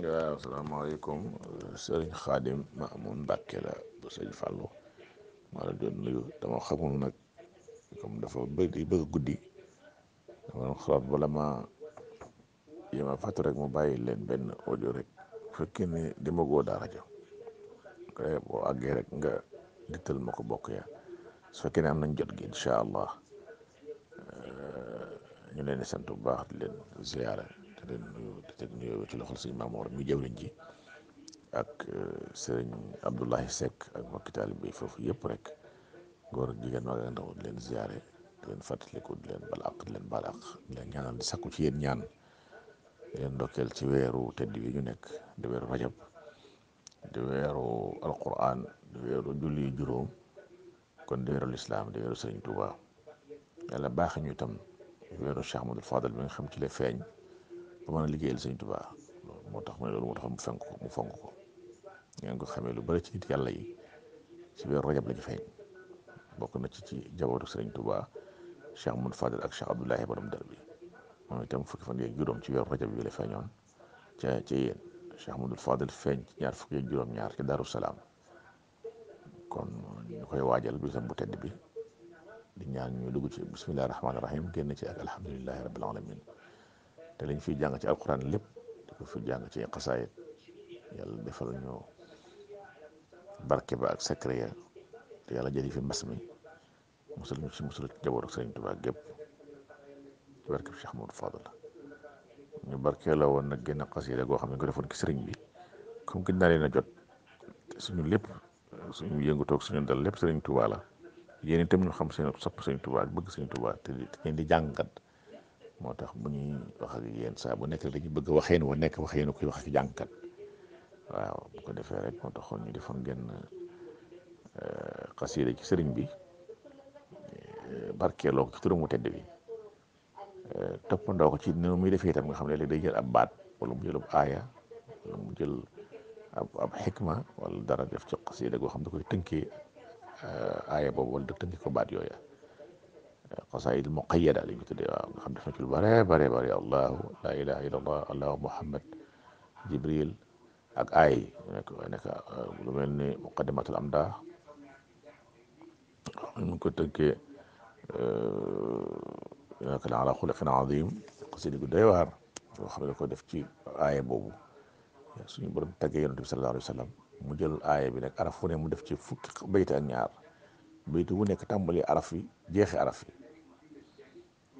السلام عليكم سيرين خادم مأمون باكرة بسيج فالو ما رجل نيو تما خبون نك كم دفع بيجي بيجي قدي تما خلاص بلا ما يما فترة موبايل لين بين أوديورك فكني دمغو دارجة كده بو أجهرك نجا ديتل مكو بوكيا سفكني أمن جد إن شاء الله ñu leen di sant bu baax di leen ziare te leen nuyu te teg ci mi jëwriñ ji ak euh, sëriñ Abdoulahi Seck ak mbokki taalibe bi foofu yëpp rek góor ak jigéen mag ak ndaw di leen ziyaare di leen fàttaliku di leen leen baal leen ñaanal sakku ci yéen ñaan di leen ndokkeel ci weeru tedd wi nekk di weeru rajab di weeru alquran di weeru julli juróom kon di weeru lislaam di weeru sëriñ Tuuba yàlla baax ñu itam weeru Cheikh Amadou Fadal mi xam ci la feeñ ba mën a liggéeyal sëñ Tuubaa loolu moo tax mu ne loolu moo tax mu fenk ko mu fonk ko ngeen ko xamee lu bari ci nit yàlla yi si biir rajab la ñu feeñ bokk na ci ci jabootu sëriñ Tuubaa Cheikh Mouhamed Fadel ak Cheikh Abdoulahi borom dër bi moom itam fukki fa yeeg juróom ci weeru rajab bi la feeñoon ca ca yéen Cheikh Mouhamed Fadel feeñ ci ñaar fukki yeeg juróom-ñaar ci Daaru Salaam kon ñu koy waajal bisam bu tedd bi di ñaan ñu dugg ci bisimilah rahmaani rahim génn ci ak alhamdulilahi rabbil alamin te lañ fiy jàng ci alquran lépp di ko fi jàng ci xasaayit yàlla defal ñu barke ba ak secret te yàlla jëli fi mbas mi musul ñu ci musul ci jaboot ak sëriñ Tuubaa gépp ci ñu la woon nag génn xasida goo xam ne ko defoon ci sëriñ bi comme gën naa leen jot suñu lépp suñu yëngu toog suñu dal lépp sëriñ Tuubaa la yéen itam ñu xam seen sopp sëriñ Tuubaa ak bëgg sëriñ Tuubaa te ngeen di jàngat moo tax bu ñuy wax ak yéen saa bu nekk dañu bëgg waxeen wa nekk waxeenu koy wax ak jàngkat waaw bu ko defee rek moo taxoon ñu defoon genn euh, xasiida ci sëriñ bi euh, barkeeloo ko ci turamu tedd bi euh, toppandoo ko ci noonu muy defee itam nga xam ne léegi day jël ab baat wala mu jël ab jël ab ab xikma wala dara def ci xasiida goo xam ne da koy tënkee aaya boobu wala da tënkee ko baat yooya قصائد المقيدة اللي مثل الحمد لله باري باري باري الله لا إله إلا الله الله محمد جبريل أك أي هناك هناك لمني مقدمة الأمدا ممكن تنكي آه، هناك على خلق عظيم قصيدة قد يوهر وخبر قد يفتي آية بوبو سني برد تجيء النبي صلى الله عليه وسلم مجل آية بينك عرفوني مدفتي فك بيت النار بيتوني كتام لي عرفي جيخ عرفي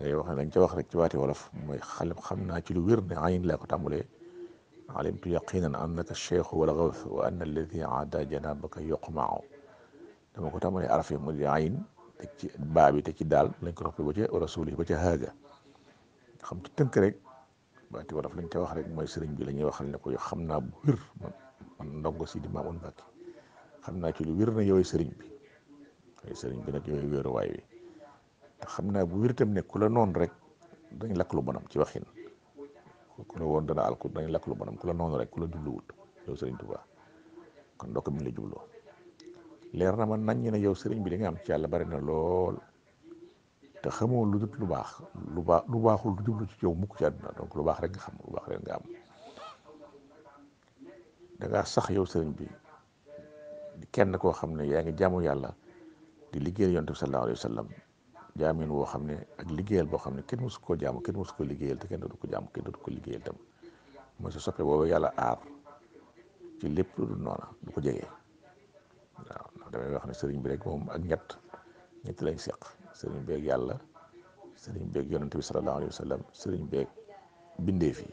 te wax ne dañ wax rek ci waati wolof mooy xalim xam naa ci lu wér ne ayin laa ko tàmbalee alimtu yaqinan annaka cheikhu wala gaws wa anna alladi aada dama ko tàmbalee araf yi mu di te ci baa bi te ci daal lañ ko toppee ba ca rasuli ba ca haaga xam rek waati wolof lañ ca wax rek mooy sëriñ bi la ñuy waxal ne ko xam naa bu wér man ndongo si di maamun xam naa ci lu wér na yowee sëriñ bi yowee sëriñ bi nag wi xam naa bu wér itam ne ku la noonu rek dañ lakk lu bonam ci waxin ku la woon dana alku dañ lakk lu bonam ku la noonu rek ku la jubluwul yow sëriñ Tuubaa kon ndokk mi ngi la jubloo leer na ma naññ ne yow sëriñ bi di nga am ci yàlla bari na lool te xamoo lu dut lu baax lu baax lu baaxul lu jublu ci yow mukk ci àdduna donk lu baax rek nga xam lu baax rek nga am da sax yow sëriñ bi kenn koo xam ne yaa ngi jaamu yàlla di liggéeyal yonent bi sallallahu alayhi jaamin woo xam ne ak liggéeyal boo xam ne kenn mësu koo jaamu kenn mësu ko te kenn dootu ko jaamu kenn dootu ko liggéeyal tam mooy sa soppe boobu yàlla ci lépp lu dul noona ko jegee ndax damay wax ne sëriñ bi rek ak ñett ñett lañ seq sëriñ beeg yàlla sëriñ beeg yonente bi sallallahu alayhi wa sallam sëriñ beeg bindeef yi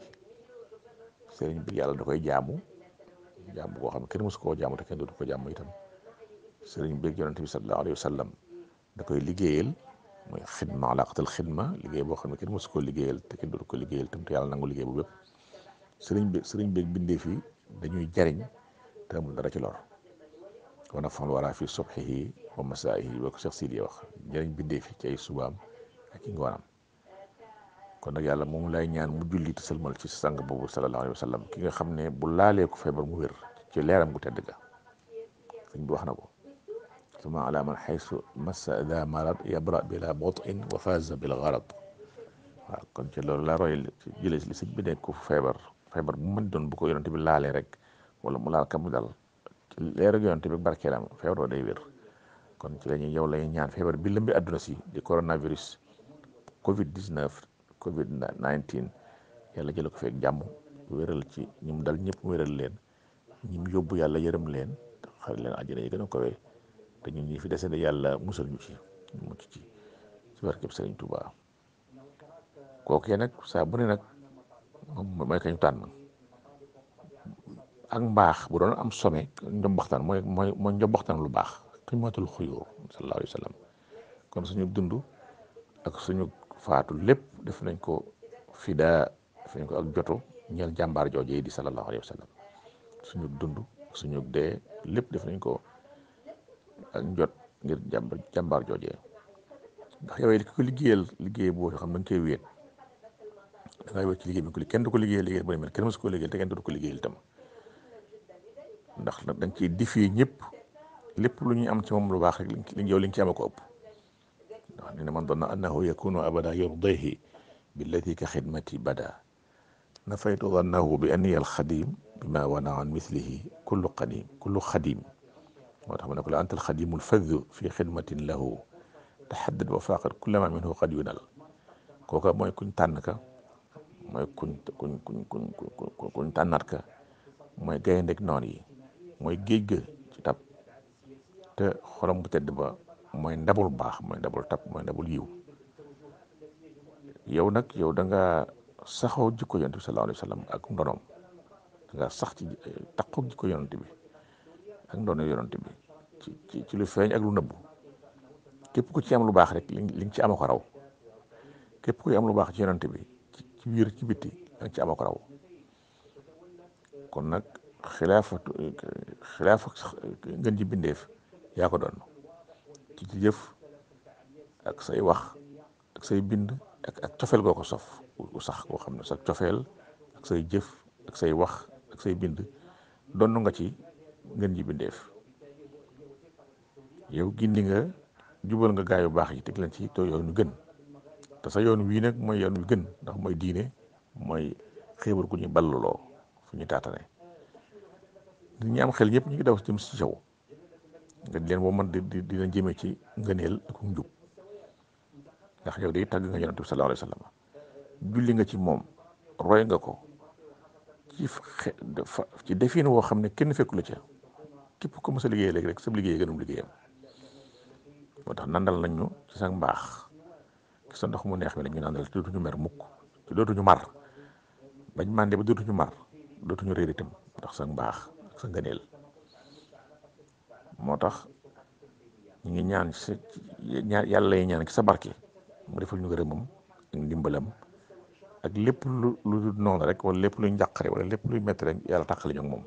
sëriñ beeg da koy jaamu jaamu koo xam ne kenn mësu koo jaamu te kenn dootu ko jaamu itam sëriñ beeg yonente bi sallallahu alayhi wa sallam da koy liggéeyal mooy xidma alaqatal xidma liggéey boo xam ne kenn mosu koo liggéeyal te kenn dootu ko liggéeyal tam te yàlla nangu liggéey bu bépp sëriñ bi sëriñ beeg bindee dañuy jariñ te amul dara ci lor wa nafa'al waraa fi subhihi wa masaa'ihi ba wax jariñ bindee fi ci ay subaam ak i ngoonam kon nag yàlla moom lay ñaan mu julli te sëlmal ci sang boobu sallallahu alayhi wa sallam ki nga xam ne bu laalee ko feebar mu wér ci leeram gu tedd ga sëñ bi wax na ko. ثم على من حيث مس ذا مرض يبرأ بلا بطء وفاز بالغرض waaw kon ci loolu laa roy jëlee li sëñ bi nekk ku feebar feebar bu mën doon bu ko yonent bi laalee rek wala mu laal ka mu dal leeru yonent bi barkeelam feebar day wér kon ci la ñuy yow lay feebar bi lëmbi àdduna si di coronavirus covid 19 covid 19 ko feeg jàmm wéral ci ñum dal ñëpp wéral leen ñim yóbbu yàlla yërëm leen xar leen àjjana yi gën te ñun ñi fi desee yalla musal ñu ci mu ci ci ci barkeb Sëriñ ko ké nak sa bu ne Ang moom kañu tan ak mbax bu doon am baxtan moy moy mo ñom baxtan lu bax qimatul khuyur sallallahu alayhi wasallam. kon suñu dundu ak suñu faatu lepp def nañ ko fida def nañ ko ak joto ñel jambar jojé di sallallahu alayhi wasallam. suñu dundu suñu dé lepp def nañ ko ak njot ngir jàmbar jàmbaar joojee ndax yow it ki ko liggéeyal liggéey bo xam da nga koy wéet da ci liggéey bi ko kenn du ko liggéeyal liggéey bu ne mel kenn mësu ko liggéeyal te ndax nag da nga ciy defee ñëpp lépp lu ñuy am ci moom lu baax rek li yow li nga ci ko ëpp ndax nee na man doon na annahu yakunu abada yurdihi billati ka xidmati bada nafaytu dannahu bi anniya alxadim bima wana an mislihi kullu qadim kullu xadim moo tax ma ne ko la anta alxadimu lfaddu fi xidmatin lahu taxaddad wa faaqat kullama minhu qad yunal kooka mooy kuñ tànn ka mooy kuñ kuñ kuñ ka mooy gayndeeg noon yi mooy géej ga ci tab te xolam bu tedd ba mooy ndabul baax mooy ndabul tab mooy ndabul yiw yow nag yow danga nga saxoo jikko yonent bi sallallahu alayhi wa ak ndonoom da nga sax ci jikko yonent ak ndono yonent bi ci ci ci lu feeñ ak lu nëbbu képp ku ci am lu baax rek li ci am ko raw képp kuy am lu baax ci yonent bi ci biir ci bitti da nga ci am ko raw kon nag xilaafatu xilaafa ngën bindeef yaa ko doon ak say wax ak say bind ak ak cofeel ko sof u sax koo xam ne sa cofeel ak say jëf ak say wax ak say bind don nga ci ngeen ji bindeef yow gindi nga jubal nga gaa yu baax yi teg leen ci te yoon wi gën te sa yoon wii nag mooy yoon wi gën ndax mooy diine mooy xéebar ku ñuy balluloo fu ñuy taatane xel ñëpp ñu ngi daw si yow nga di leen woo man di di dina jëmee ci ngëneel ak njub ndax yow day tagg nga yonent bi sallallahu alayhi wa sallam julli nga ci moom roy nga ko ci ci defin woo xam ne kenn fekku la ca képp ku mës a liggéey léegi rek sa liggéey gënum liggéeyam moo tax nandal nañ ñu ci sa mbaax ci sa ndox mu neex mi dañu nandal ci dootuñu mer mukk ci dootuñu mar bañ màndee ba dootuñu mar dootuñu réer itam ndax sa mbaax ak sa ngëneel moo tax ñu ngi ñaan ci yàlla lay ñaan ki sa barke mu defal ñu gërëmam ak ndimbalam ak lépp lu lu noonu rek wala lépp luy njàqare wala lépp luy métti rek yàlla tàqale ñu moom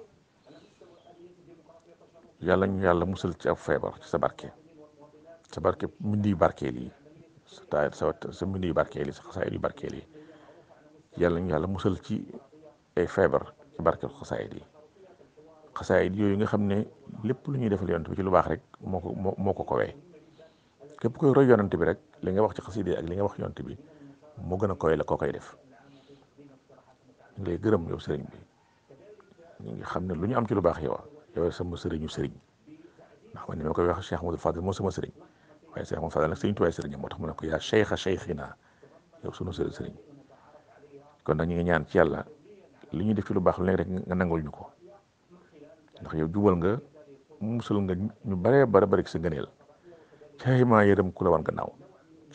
yàlla ñu yàlla musal ci ab feebar ci sa barke sa barke mbind yu barkeel yi sa taay mbind yu barkeel yi sa xasaayid yu barkeel yi yàlla ñu yàlla musal ci ay feebar ci barkeel xasaa yi xasaayid yooyu nga xam ne lépp lu ñuy defal yonent bi ci lu baax rek moo ko moo ko kowee képp koy roy yonent bi rek li nga wax ci xasida ak li nga wax yonent bi moo gën a koy la koo koy def ñu ngi lay gërëm yow sëriñ bi ñu xam ne lu ñu am ci lu baax yow yow sama sëriñu sëriñ ndax man ni ma koy wax Cheikh Amadou Fadel moo sama sëriñ waaye Cheikh Amadou Fadel nag sëriñ tuwaay sëriñ moo tax mu ne ko yaa Cheikha Cheikhina yow sunu sëriñ sëriñ kon nag ñu ngi ñaan ci yàlla li ñuy def ci lu baax lu nekk rek nga nangul ñu ko ndax yow jubal nga musul nga ñu bare bare bare ci sa ngëneel cay maa yërëm ku la wan gannaaw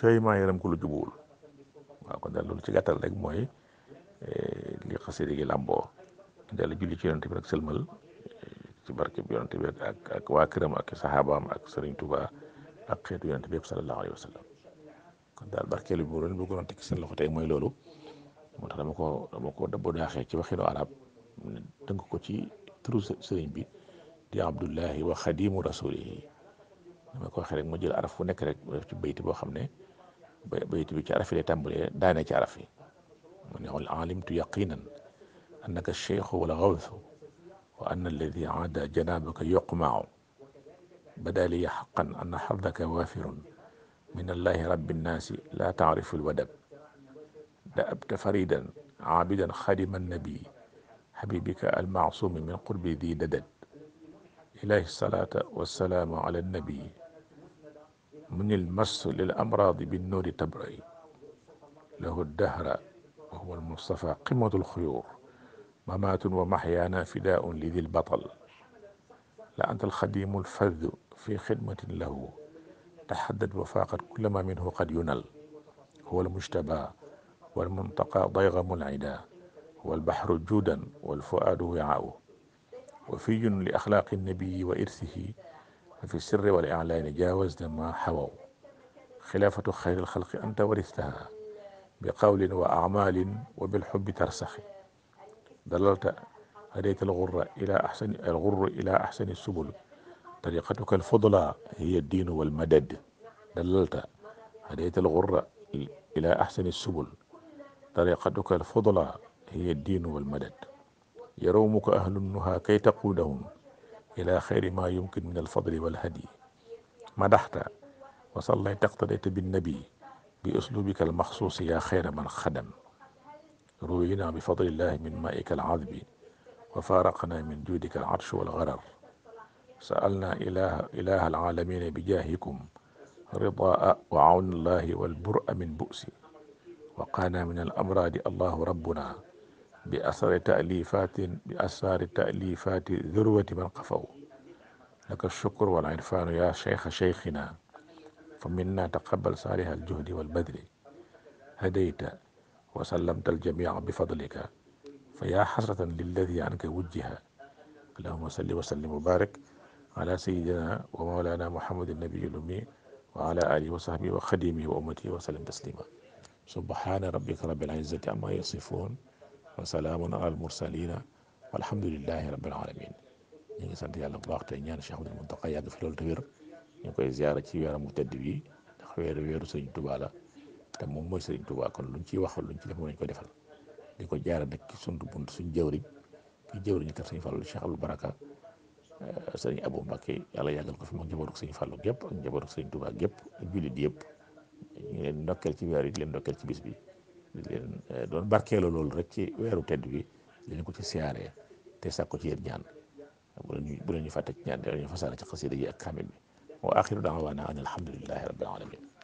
cay maa yërëm ku la jubuwul waaw kon daal loolu ci gàttal rek mooy eh, li xasida gi làmboo daal julli bi rek sëlmal ci barke bi yonent bi ak ak waa këram ak saxaabaam ak sëriñ Tuubaa ak xeetu yonent bi yëpp sallallahu alayhi wa sallam kon daal barkeelu bi bu bëggoon a tekki seen loxo tey mooy loolu moo tax dama ko dama ko dabbo daaxee ci waxinu arab dënk ko ci turu sëriñ bi di abdullahi wa xadimu rasulihi dama ko waxee rek jël araf bu nekk rek def ci bayti boo xam ne bayti bi ca araf yi lay tàmbalee daane ci araf yi mu ne alimtu yaqinan annaka cheikhu wala xawsu وأن الذي عاد جنابك يقمع بدا لي حقا أن حظك وافر من الله رب الناس لا تعرف الودب دأبت فريدا عابدا خادم النبي حبيبك المعصوم من قرب ذي ددد إله الصلاة والسلام على النبي من المس للأمراض بالنور تبرئ له الدهر وهو المصطفى قمة الخيور ممات ومحيانا فداء لذي البطل لأنت الخديم الفذ في خدمة له تحدد وفاقت كل ما منه قد ينل هو المجتبى والمنتقى ضيغم العدا والبحر جودا والفؤاد وعاؤه وفي لأخلاق النبي وإرثه ففي السر والإعلان جاوزنا ما حووا خلافة خير الخلق أنت ورثتها بقول وأعمال وبالحب ترسخي دللت هديت الغر إلى أحسن الغر إلى أحسن السبل طريقتك الفضلى هي الدين والمدد دللت هديت الغر إلى أحسن السبل طريقتك الفضلى هي الدين والمدد يرومك أهل النهى كي تقودهم إلى خير ما يمكن من الفضل والهدي مدحت وصليت اقتديت بالنبي بأسلوبك المخصوص يا خير من خدم روينا بفضل الله من مائك العذب وفارقنا من جودك العرش والغرر سألنا إله, إله العالمين بجاهكم رضاء وعون الله والبرء من بؤس وقانا من الأمراض الله ربنا بأثر تأليفات بأثار تأليفات ذروة من قفوا لك الشكر والعرفان يا شيخ شيخنا فمنا تقبل صالح الجهد والبذل هديت وسلمت الجميع بفضلك فيا حسرة للذي عنك وجه اللهم صل وسلم وبارك على سيدنا ومولانا محمد النبي الأمي وعلى آله وصحبه وخديمه وأمته وسلم تسليما سبحان ربك رب العزة عما يصفون وسلام على المرسلين والحمد لله رب العالمين ñu ngi sant yàlla bu baax tey ñaan Cheikh Ahmadou Mountakha yàgg fi loolu te wér ñu koy ziara ci weeram mu tedd bi ndax weeru weeru Sëriñ Tuubaa la te moom mooy Sëriñ Tuubaa kon luñ ciy waxal luñ ci def moom lañ koy defal di ko jaara nag ci sunu bunt suñ jëwriñ ki jëwriñ itam sëñ Fallou Cheikh Abdou Baraka euh, sëriñ Abou Mbacké yàlla yàggal ko fi moom njabootu sëñ Fallou gépp ak njabootu sëriñ Tuubaa gépp ak jullit yëpp ñu leen ndokkeel ci weer yi di leen ndokkeel ci bis bi di leen euh, doon loolu rek ci weeru tedd bi leen ko ci siyaaree te sàkko ci yéen ñaan bu leen bu leen ñu fàtte ci ñaan dañu fasaale ci xasida ak kaamil bi wa axiru daawaana an alhamdulillahi rabbil